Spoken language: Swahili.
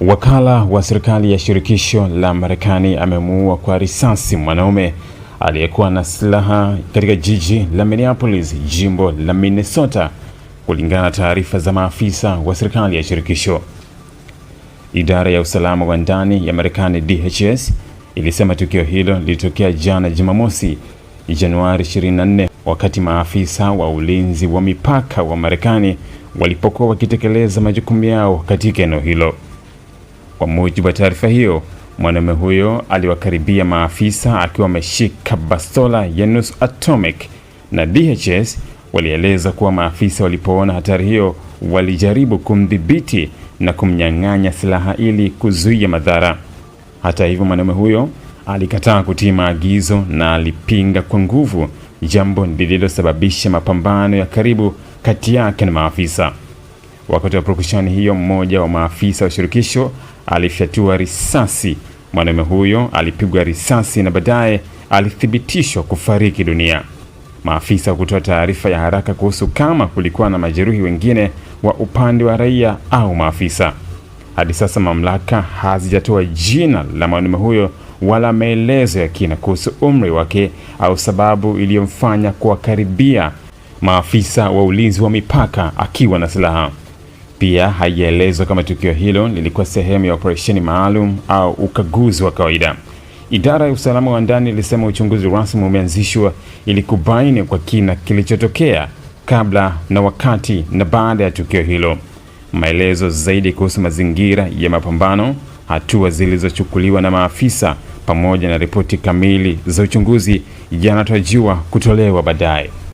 Wakala wa serikali ya shirikisho la Marekani amemuua kwa risasi mwanaume aliyekuwa na silaha katika jiji la Minneapolis, jimbo la Minnesota, kulingana na taarifa za maafisa wa serikali ya shirikisho. Idara ya usalama wa ndani ya Marekani DHS ilisema tukio hilo lilitokea jana Jumamosi, Januari 24, wakati maafisa wa ulinzi wa mipaka wa Marekani walipokuwa wakitekeleza majukumu yao katika eneo hilo. Kwa mujibu wa taarifa hiyo, mwanaume huyo aliwakaribia maafisa akiwa ameshika bastola ya nusu atomic, na DHS walieleza kuwa maafisa walipoona hatari hiyo walijaribu kumdhibiti na kumnyang'anya silaha ili kuzuia madhara. Hata hivyo, mwanaume huyo alikataa kutii maagizo na alipinga kwa nguvu, jambo lililosababisha mapambano ya karibu kati yake na maafisa. Wakati wa prokushani hiyo, mmoja wa maafisa wa shirikisho alifyatua risasi. Mwanaume huyo alipigwa risasi na baadaye alithibitishwa kufariki dunia. Maafisa kutoa taarifa ya haraka kuhusu kama kulikuwa na majeruhi wengine wa upande wa raia au maafisa. Hadi sasa mamlaka hazijatoa jina la mwanaume huyo wala maelezo ya kina kuhusu umri wake au sababu iliyomfanya kuwakaribia maafisa wa ulinzi wa mipaka akiwa na silaha. Pia haijaelezwa kama tukio hilo lilikuwa sehemu ya operesheni maalum au ukaguzi wa kawaida. Idara ya usalama wa ndani ilisema uchunguzi rasmi umeanzishwa ili kubaini kwa kina kilichotokea kabla na wakati na baada ya tukio hilo. Maelezo zaidi kuhusu mazingira ya mapambano, hatua zilizochukuliwa na maafisa, pamoja na ripoti kamili za uchunguzi yanatarajiwa kutolewa baadaye.